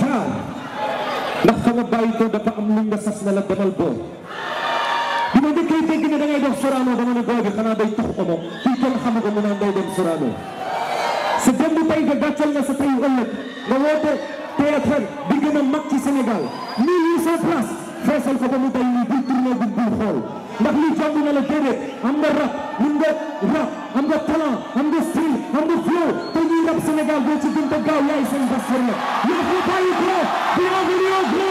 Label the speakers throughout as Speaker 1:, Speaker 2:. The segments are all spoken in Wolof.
Speaker 1: temps ndax fa nga bàyyi ko dafa am luñ la sas na la demal boo bi ma njëkkee dégg ne da ngay def Sorano dama ne boo bi xanaa day tax omo kii kenn xamu ko mu naan day dem Sorano sa démb tey nga gàccal na sa tey ëllëg nga woote théâtre bi gën a mag ci Sénégal mille huit cent place feesal ko ba mu day nii bul tourné bu bul xool ndax lii jàng na la déedéet am nga rap mun nga rap am nga am nga style am ñuy rab Sénégal
Speaker 2: doo ci gën a gaaw yaay seen bas sëñ la. bienvenue au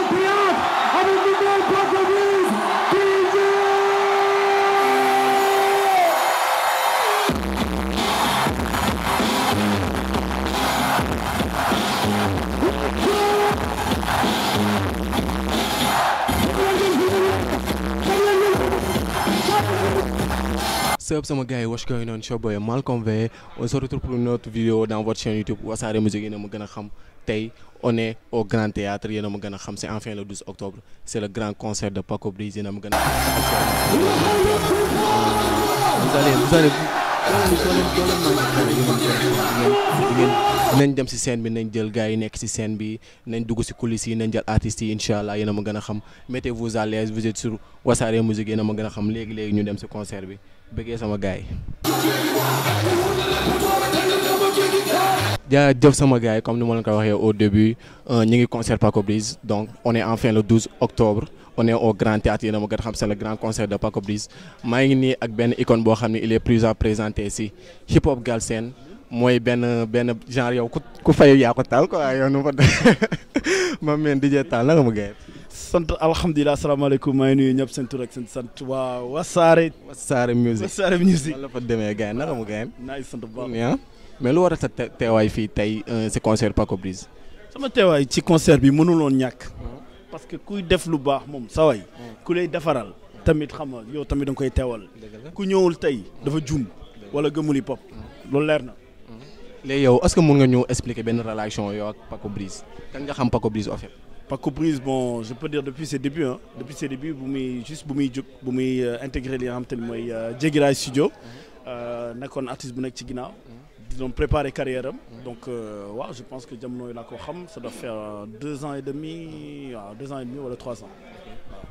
Speaker 1: What's up sama gars yi what's going on showboy Malcolm V on se retrouve pour une autre vidéo dans votre chaîne YouTube Wassare Musique yéen a ma xam tey on est au Grand Théâtre yéen a ma xam c'est enfin le 12 octobre c'est le grand concert de Paco Briz yéen a ma gën a xam nañ dem si scène bi nañ jël gars yi nekk si scène bi nañ dugg si coulisses yi nañ jël artistes yi incha allah yéen xam mettez-vous à l'aise vous êtes sur Wassare Musique yéen a ma gën a xam léegi-léegi ñu dem si concert bi bëggee sama gaay ya sama gaay comme nous l'avons ko waxé au début euh, ñi ngi concert Paco Briz donc on est enfin le 12 octobre on est au grand théâtre yéen a gën c'est le grand concert de Paco Briz ma ngi ni ak ben icône bo xamni il est plus à présenter ici. hip hop galsen moy ben ben genre yow ku ku fay a ko taal quoi yow nu ma man meen DJ Tall naka mu sant alhamdulilah
Speaker 3: asalaamaaleykum maa ngi nuyu ñëpp seen tur ak seen sant waa Wassare. Wassare music
Speaker 1: Wassare music. wala fa demee gars yi naka mu gars yi. naay ah. mais lu war a sa teewaay fii tey euh, si concert Paco Briz.
Speaker 3: sama teewaay ci concert bi mënuloon ñàkk. Ah. parce que kuy def lu baax moom sa way ah. ku lay defaral. tamit xam nga yow tamit da koy teewal. ku ñëwul
Speaker 1: tey dafa juum. wala gëmul hip hop. loolu leer na. léegi yow est-ce mun nga ñëw expliquer benn relation yow ak Paco nga xam Paco Briz en
Speaker 3: Paco couprise bon je peux dire depuis ses débuts hein depuis ses débuts bu muy juste bu muy jóg bu muy intégré li nga xam te ni mooy Jégiraay euh, euh, artiste bu nekk ci ginnaaw di doon préparé carrière donc euh, waaw je pense que jamono laa ko xam ça doit faire deux ans et demi waaw deux ans et demi ou wala trois
Speaker 1: ans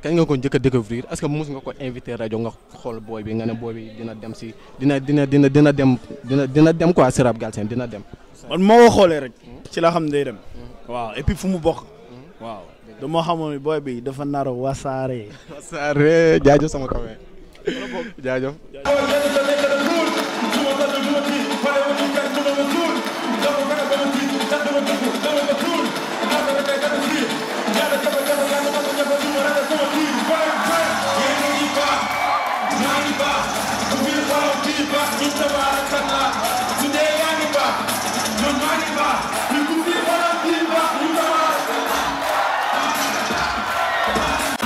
Speaker 1: kañ nga ko njëkk a découvrir est-ce que mos nga ko invité rajo nga xool booy bi nga ne booy bi dina dem si dina dina dina dina dem dina dina dem quoi si rap Galsen dina dem man moo
Speaker 3: xoolee rek ci laa xam ne day dem waaw et puis fu mu waaw dama xamoon booy bi dafa nar a wasaare.
Speaker 1: wasaare jaajëf sama kawe jaajëf.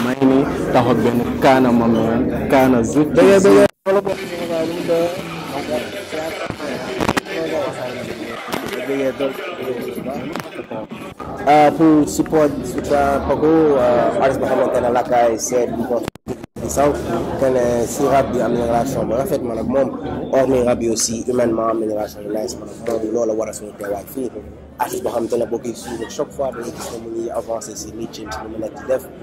Speaker 1: maa ngi nii taxaw benn kaana moom kaana zut. Ah, pour support Paco euh, artiste boo xamante ne lakkaay se bu ko saw kenn si rab bi am na relation bu rafet man ak rab yi aussi humainement am na relation bu nice man ak moom loolu war a suñu teewaay fii artiste boo xamante ne boo koy suivre chaque si métier bi si li mu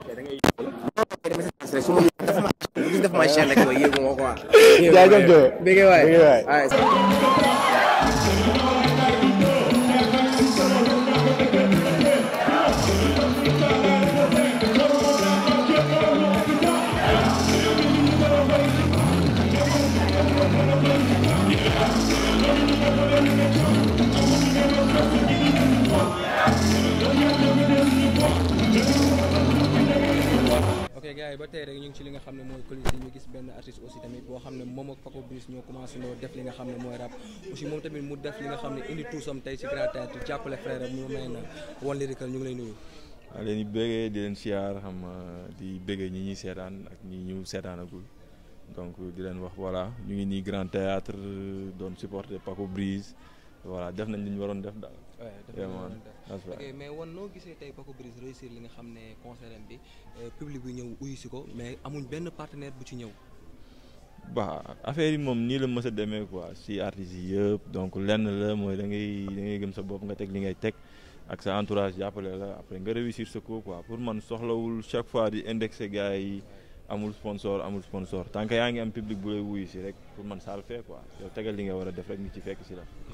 Speaker 1: rek su ma gis def ma chaîne rek mooy yéegu ma quoi. jaajëf waay ci li nga xam ne mooy colise ñu gis benn artiste aussi tamit boo xam ne moom ak Paco Briz ñoo commencé noo def li nga xam ne mooy
Speaker 4: rap moom tamit mu def li nga xam ne indi tuusam tey si Grand Théâtre jàppale frère mu may ñu ngi lay nuyu
Speaker 5: waaw leen di di leen siyaar xam di bëggee ñi ñuy seetaan ak ñi ñu seetaanagul donc di leen wax voilà ñu ngi nii Grand Théâtre doon supporter Paco Briz voilà def nañ li ñu waroon def daal ok mais
Speaker 4: wan noo gisee tey Paco Briz réussir li nga xam ne concert bi euh, public bi ñëw uyu si ko mais amuñ benn partenaire bu ci ñëw.
Speaker 5: ba affaire yi moom nii la mës a demee quoi si artistes yi yëpp donc lenn la mooy da ngay da ngay gëm sa bopp nga teg li ngay teg ak sa entourage jàppale la après nga réussir sa coup quoi pour man soxlawul chaque fois di indexé gars yi amul sponsor amul sponsor tant que yaa ngi am public bu lay wuyu si rek pour man saal le fait quoi yow tegal li nga war def rek ni ci fekk si la.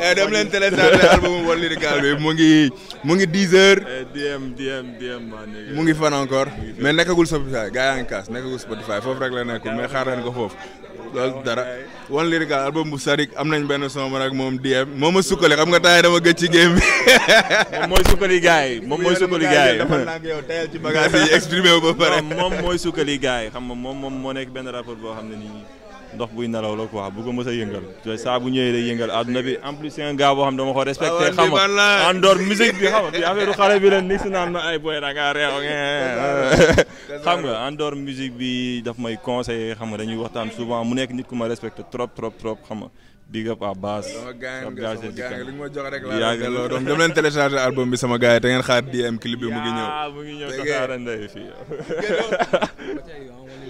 Speaker 5: Eh, dem leen télécharger album One Lyrical bi mu ngi
Speaker 2: mu ngi 10 heures.
Speaker 5: DM DM
Speaker 4: DM mu ngi fan
Speaker 2: encore. mais nekkagul Spotify gaa yaa ngi kaas nekkagul foofu rek la nekkul mais xaar leen ko foofu. loolu dara One Lyrical album bu Sarik am nañ benn son man ak moom DM moom a sukkali xam nga taay dama gëj ci game bi.
Speaker 5: moom mooy sukkali gars yi moom mooy sukkali gars yi dafa nang yow tayal ci bagage mooy sukkali gars yi xam nga moom moom moo nekk benn rapport boo xam ne nii. ndox buy nelaw la quoi bu ko mës a yëngal saa bu ñëwee day yëngal àdduna bi en plus c'est un gars boo xam dama ko respecté ah, xam nga en dehors musique bi xam nga bi affaire xale bi leen xam nga en dehors musique bi daf may conseil xam nga dañuy waxtaan souvent mu nekk nit ku ma respecté trop trop trop xam nga big up à base. sama gars yi rek laa delloo doom dem leen téléchargé
Speaker 2: album bi sama gars yi te ngeen xaar di am clip bi mu ngi ñëw. mu
Speaker 5: ngi ñëw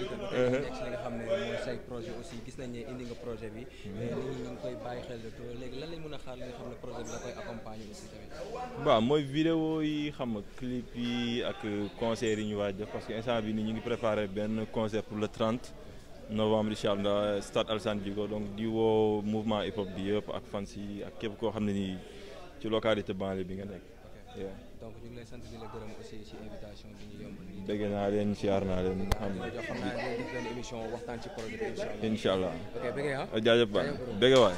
Speaker 4: aussi gis nañ ne indi nga projet bi. Mm-hmm. Euh, nit ñi ñu mën a xaar xam ne projet bi
Speaker 5: waaw mooy vidéo yi xam nga clip yi ak concert yi ñu waaj def parce que instant bi nii ñu ngi préparé benn concert pour le 30 novembre incha allah stade Alassane Djigo donc di woo mouvement hip bi yëpp ak fans yi ak képp koo xam ne nii ci localité banlieue bi nga nekk. donc ñu ngi lay sant di la gërëm aussi
Speaker 6: ci invitation bi ñu yombal
Speaker 1: nii.
Speaker 5: dégg naa leen siyaar naa leen. am na jox xam naa
Speaker 1: leen def leen émission waxtaan ci projet
Speaker 5: bi incha allah. ok bëgg nga ah. jaajëf ba bëgg waay.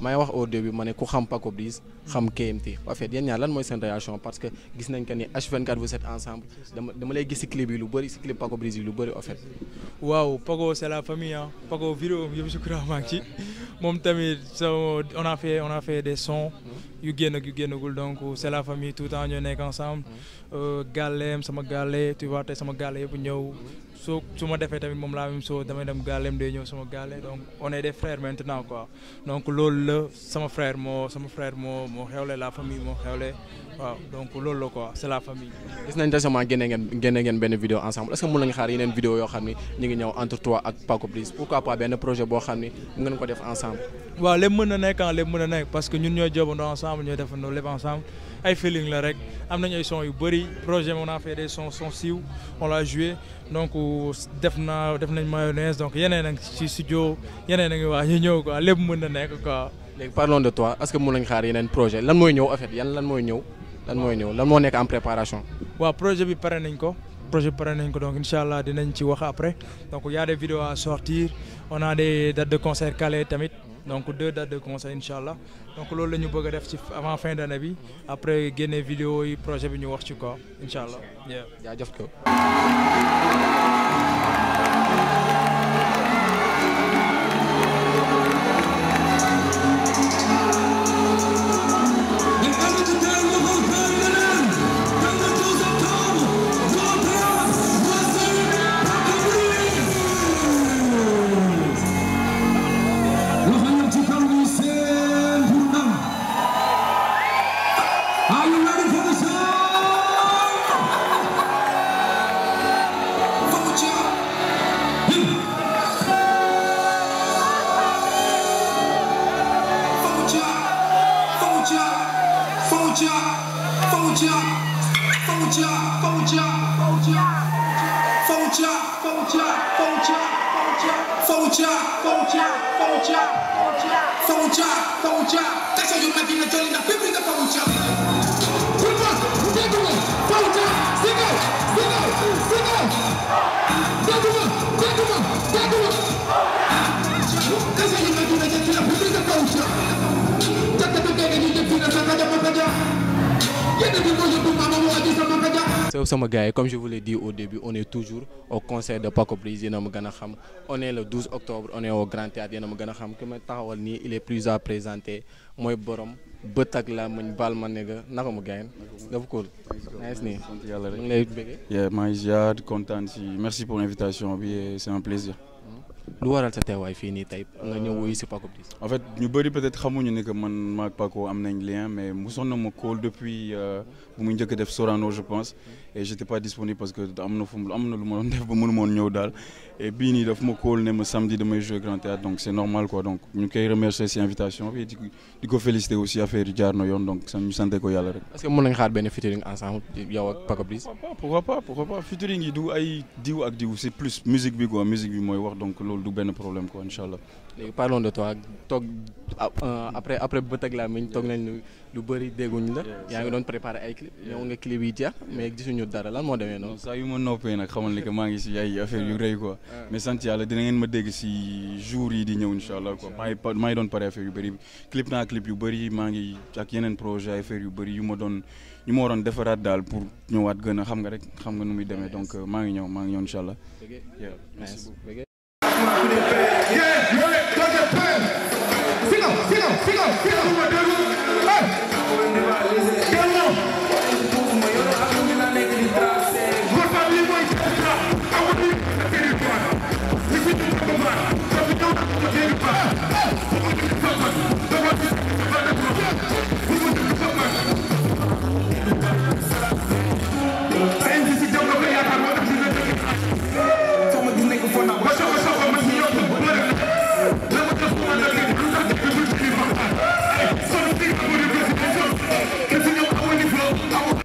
Speaker 1: may wax au début mané ko xam pako Briz xam KMT en fait yéen ñaar lan moy sen réaction parce que gis nañ ko ni H24 vous êtes ensemble dama dama lay gis ci clip yi lu bari ci clip pako Briz yi lu bari en fait.
Speaker 4: waaw pako c'est la famille hein, pako vidéo yëpp je crois maa ci mom tamit so on a fait on a fait des sons. yu génn ak yu génnagul donc c'est la famille tout le temps ñoo nek ensemble. Euh, Gallem sama galé tu vois tay sama galé yëpp ñew soo su ma defee tamit moom la même chose damay dem gaaleem day ñëw sama gaale donc on est des frères maintenant quoi donc loolu la sama frère moo sama frère moo moo xewle la famille moo xewle la la famille.
Speaker 1: gis nañ récemment génne ngeen génne ngeen benn vidéo ensemble est yoo xam ni ñu ngi ñëw entre toi ak Paco Briz pourquoi pas benn projet boo xam ni mu ngeen ko def ensemble.
Speaker 4: waaw lépp mën na nekk ah mën na nekk parce que ñun ñoo jobandoo ensemble ñoo defandoo lépp ay feeling la rek am ay projet on a fait des sons sons on l'a joué donc def naa def nañ mayonnaise donc yeneen a studio yeneen a waa quoi lépp mën na quoi.
Speaker 1: léegi parlons de toi est-ce que mun nañ xaar yeneen projet lan mooy ñëw en fait lan mooy ñëw. lan mooy ñëw lan moo nekk en préparation.
Speaker 4: waaw projet bi pare nañ ko. projet pare nañ ko donc incha dinañ ci wax après donc y a des vidéos à sortir on a des dates de concert calées donc deux dates de concert inshallah. donc lolu lañu bëgg def ci avant fin d'année bi après guéné vidéo yi projet bi ñu wax ci quoi yeah allah. jaajëf ko 放假，放假，放假，放假，放假，放假，放假，再想有没地方叫你那飞
Speaker 3: 飞
Speaker 2: 的放假？干嘛？干嘛？放假？怎么？怎么？怎么？干嘛？干嘛？干嘛？放假？再想有没地方叫你那飞飞的放假？咋个不给个你点皮子？咋
Speaker 7: 个不给个你？你那屁股有没毛毛？还是没毛
Speaker 1: 毛？Seuf sama gars comme je vous l'ai dit au début on est toujours au concert de Paco Briz yéen a ma xam on est le 12 octobre on est au Grand Théâtre yéen a ma gën xam taxawal il est plus à présenter mooy borom bët ak la muñ baal ma ne ga naka mu gars yi nice nii yàlla
Speaker 6: rek ñu ngi si merci pour l'invitation Bien, c'est un plaisir. Hmm. lu waral sa teewaay fii nii tey nga ñëw si Paco Briz. en fait ñu bëri peut-être xamuñu ne que man maag Paco am nañ lien mais mosoon na ma kóol depuis euh, bu muy njëkk def Sorano je pense. Mm et j'étais pas disponible parce que am na fu def ba mënu moon ñëw daal et bii nii daf ma kóol ne ma samedi damay jouer Grand Théâtre donc c'est normal quoi donc ñu koy remercier ces invitation et di féliciter aussi à faire jaar na donc donc ñu sante ko yalla rek. est-ce que mon nañu xaar ensemble featuring ensemble yow ak Paco pourquoi pas pourquoi pas featuring du ay diou ak diou c'est plus musique bi quoi musique bi moy wax donc lolu du ben problème quoi inchallah allah. parlons de toi Euh, après après bët ak làmmiñ toog nañ lu
Speaker 1: bëri dégguñ la yaa ngi doon préparé ay clip ñëw nga clip yi jeex mais gisuñu dara la moo demee noonu
Speaker 6: saa yu ma noppee nag xamal ni que maa ngi si ay affaire yu rëy quoi mais sant yàlla dina ngeen ma dégg si jour yi di ñëw incha allah ko maa ngi maa ngi doon pare affaire yu bari clip naa clip yu bëri maa ngi ak yeneen projet affaire yu bëri yu ma doon ñu ma waroon defaraat daal pour ñëwaat gën a xam nga rek xam nga nu muy demee donc maa ngi ñëw maa ngi ñëw incha allah Figo, Figo,
Speaker 2: Figo.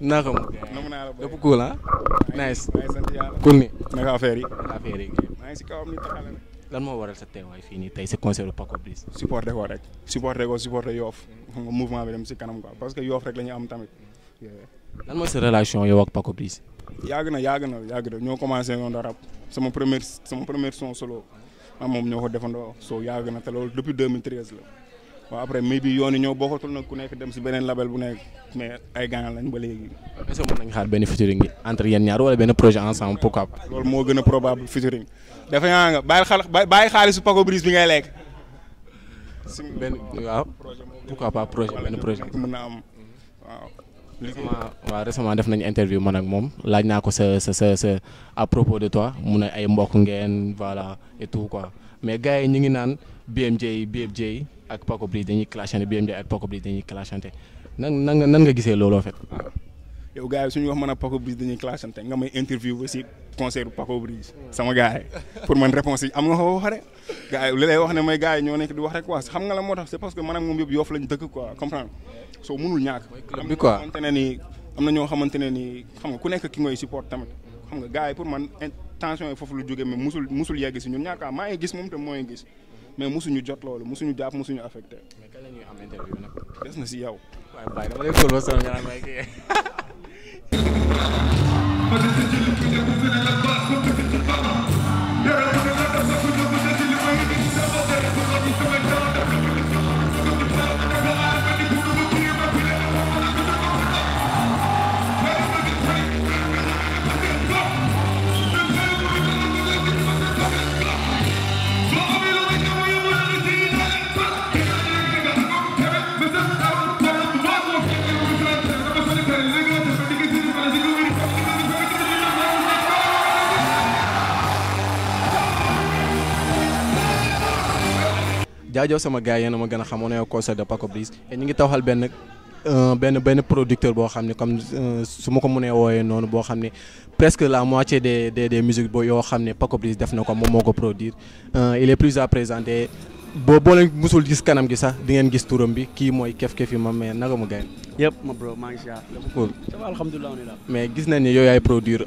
Speaker 1: naka mu. dëpp cool ah. nice. cool naka affaire yi. affaire yi lan moo waral sa teewaay fii nii tey si concert bu Paco Briz. supporté
Speaker 2: ko rek eh? supporté ko supporté Yoff mouvement bi dem si kanam quoi parce que Yoff rek la ñu am tamit. lan
Speaker 1: mooy sa relation yow ak Paco Briz.
Speaker 2: yàgg na yàgg na yàgg na ñoo commencé noonu rap sama première sama première son solo ah moom ñoo ko defandoo soo yàgg na te loolu depuis 2013 la. waaw après mi bi yoon yi ñoo bokkatul nag ku nekk dem si beneen label bu nekk mais ay gaañ lañ ba léegi. est-ce que mën nañu xaar
Speaker 1: benn featuring entre yéen
Speaker 2: moo gën a probable featuring dafa ñaa
Speaker 1: nga bàyyi xaalisu Paco Brice bi ngay lekk. si benn benn projet. mën na am waaw. récemment def nañu interview man ak moom laaj naa ko sa sa sa sa à propos de toit mu ne ay mbokk ngeen voilà et tout quoi mais gars yi ñu ngi naan BMJ BMJ. ak Paco Briz dañuy clashante BM Jaay ak dañuy clashante nan nga gisee looloo fet yow gars suñu wax
Speaker 2: man a Paco Briz dañuy clashante nga may interview aussi concert Paco Briz
Speaker 1: sama gars pour man
Speaker 2: réponse yi am la moo tax c'est parce que na ñoo xamante ne ni xam nga ku nekk ki ngoy support tamit xam nga gars yi pour man tension yi foofu lu jóge mais musul musul si ñun ñàkk maa ngi gis moom te mooy gis mais mosuñu jot loolu mosuñu jàpp mosuñu affecté. mais
Speaker 1: kañ ñuy am interview nag. des na si yow. waaye Baye dama lay solo sama ñaar may kii. parce que jaajëf sama gars yéen a ma gën a xam on est au concert de Paco Briz et ñu ngi taxawal euh, benn benn producteur boo xam ne comme euh, su ma ko mënee wooyee noonu boo xam ne presque la moitié des des des musiques yoo xam ne Paco Briz def na ko moom moo ko produire euh, il est plus à présenter boo boo leen musul gis kanam gi sax di ngeen gis turam bi kii mooy kef kef yi ma mais naka mu gaay
Speaker 7: yëpp ma bro maa ngi siyaar mais
Speaker 1: gis nañ ne yow yaay produire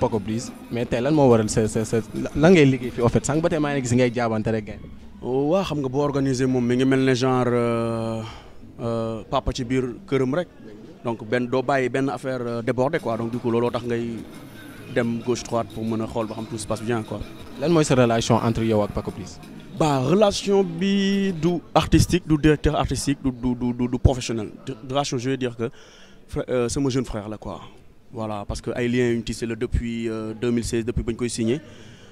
Speaker 1: Paco Briz mais lan moo waral sa sa sa lan ngay liggéey fi en fait sànq gaay
Speaker 7: Oui, xam nga boo organisé mais mi ngi mel genre euh, euh, papa ci biir donc ben y ben des affaire euh, débordé quoi donc du coup lolo tax ngay dem gauche droite pour mën a tout se passe bien quoi.
Speaker 1: Quelle la relation entre yow et Paco Briz. Bah, relation bi du artistique du directeur
Speaker 7: artistique du du du du professionnel relation je veux dire que c'est mon jeune frère là quoi voilà parce que ay a un une depuis 2016 depuis que je koy signé.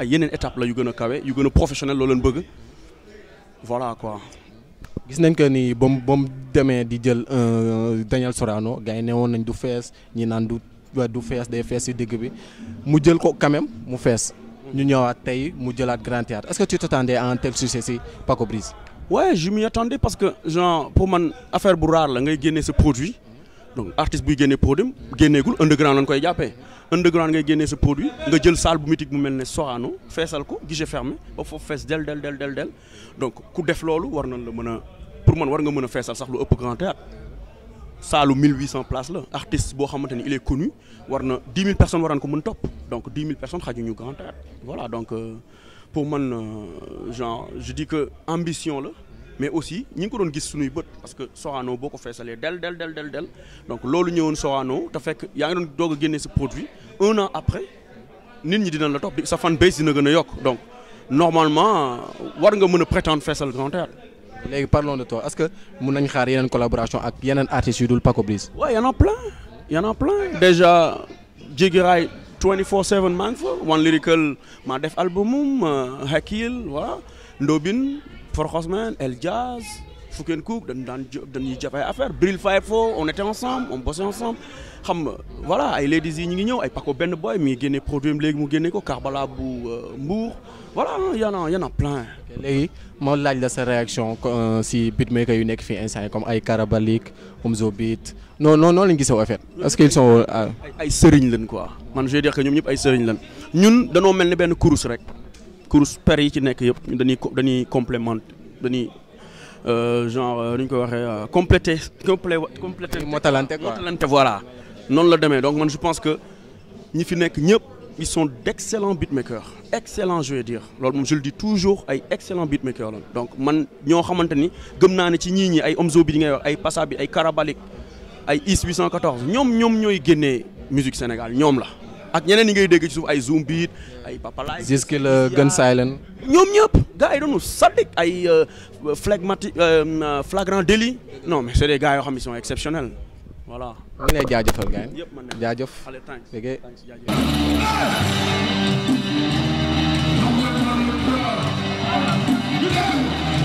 Speaker 7: ay yeneen étape la yu gën a kawe yu gën a professionnel loo leen bëgg voilà quoi.
Speaker 1: gis nañ que ni ba mu ba di jël euh, Daniel Sorano gars yi ne woon nañ du fees ñi naan du du fees day fees si digg bi mu jël ko quand même mu fees. ñu ñëwaat tey mu jëlaat Grand Théâtre est-ce que tu t'attendais à un tel succès si Paco Briz. ouais je m'y attendais parce que
Speaker 7: genre pour man affaire bu rare la ngay génnee sa produit donc artiste buy génnee produit gul underground lañ koy jàppee underground ngay génnee ce produit nga jël salle bu mythique bu mel ne Sorano feesal ko guichet fermé ba foofu fees del del del del del donc coup def loolu war nañ la mën pour moi war nga mën a ça sax lu grand théâtre salle 1800 places là, artiste boo il est connu war na 10 000 personnes war nañ ko un top, donc 10 000 personnes xajuñu grand théâtre voilà donc euh, pour moi, euh, genre je dis que ambition là mais aussi ñi ngi ko doon gis suñuy bët parce que Sorano boo ko feesalee del del del del del donc loolu ñëwoon Sorano te fekk yaa ngi doon doog a génnee sa produit un an après nit ñi dina la topp sa fan base dina gën a yokk donc normalement war nga mën a prétendre feesal Grand Théâtre léegi parlons de toi est-ce
Speaker 1: que mun nañ xaar yeneen collaboration ak yeneen artiste yu dul Paco Briz.
Speaker 7: waaw y en a plein y en a plein déjà Jiggy Raay 24/7 maa ngi fa One Lyrical maa def albumum euh, Hakil voilà Ndobin. Hosman, El Jazz, Fouken Cook, Denis Jaffa affaire, Brill Firefo, on était ensemble, on bossait ensemble. Voilà, il et les Il et pas Ben Boy, mais il y a des produits, il y a Karbala, euh, Mbour. Voilà, il y, en a, il y en a plein.
Speaker 1: Léhi, moi, là, il sa réaction euh, si beatmaker est une instant, comme Aïe Karabalik, Omzo Beat. Non, non, non, ils sont en fait. ce qu'ils sont. Euh, Aïe Serine, quoi. Je veux
Speaker 7: dire que nous sommes Aïe Serine. Nous, nous sommes en course, rek cours paires yi ci nekk yëpp dañuy dañuy complément dañuy euh, genre euh, ñu ko waxé complété euh, compléter complété. motalante quoi motalante voilà. non la démé donc man je pense que ñi fi nek ñëpp ils sont d'excellents beatmakers excellents je veux dire loolu moom je le dis toujours ay excellents beatmakers donc man ño xamante ni gëm naa ne ci ñi ñi ay Omzo bi di ngay wax ay Passa bi ay Karabalik ay IS 814 ñom ñom ñoy génnee musique Sénégal ñom la. ak ñeneen ñi ngay dégg ci suuf ay Zumbeat ay Papalaay. Zizki la Gun Silent. ñoom ñëpp gars doonu sadik ay phlegmatique euh, euh, euh, flagrant délit non mais c'est des gars yoo xam ne sont exceptionnels voilà. ñu ngi lay jaajëfal
Speaker 1: gars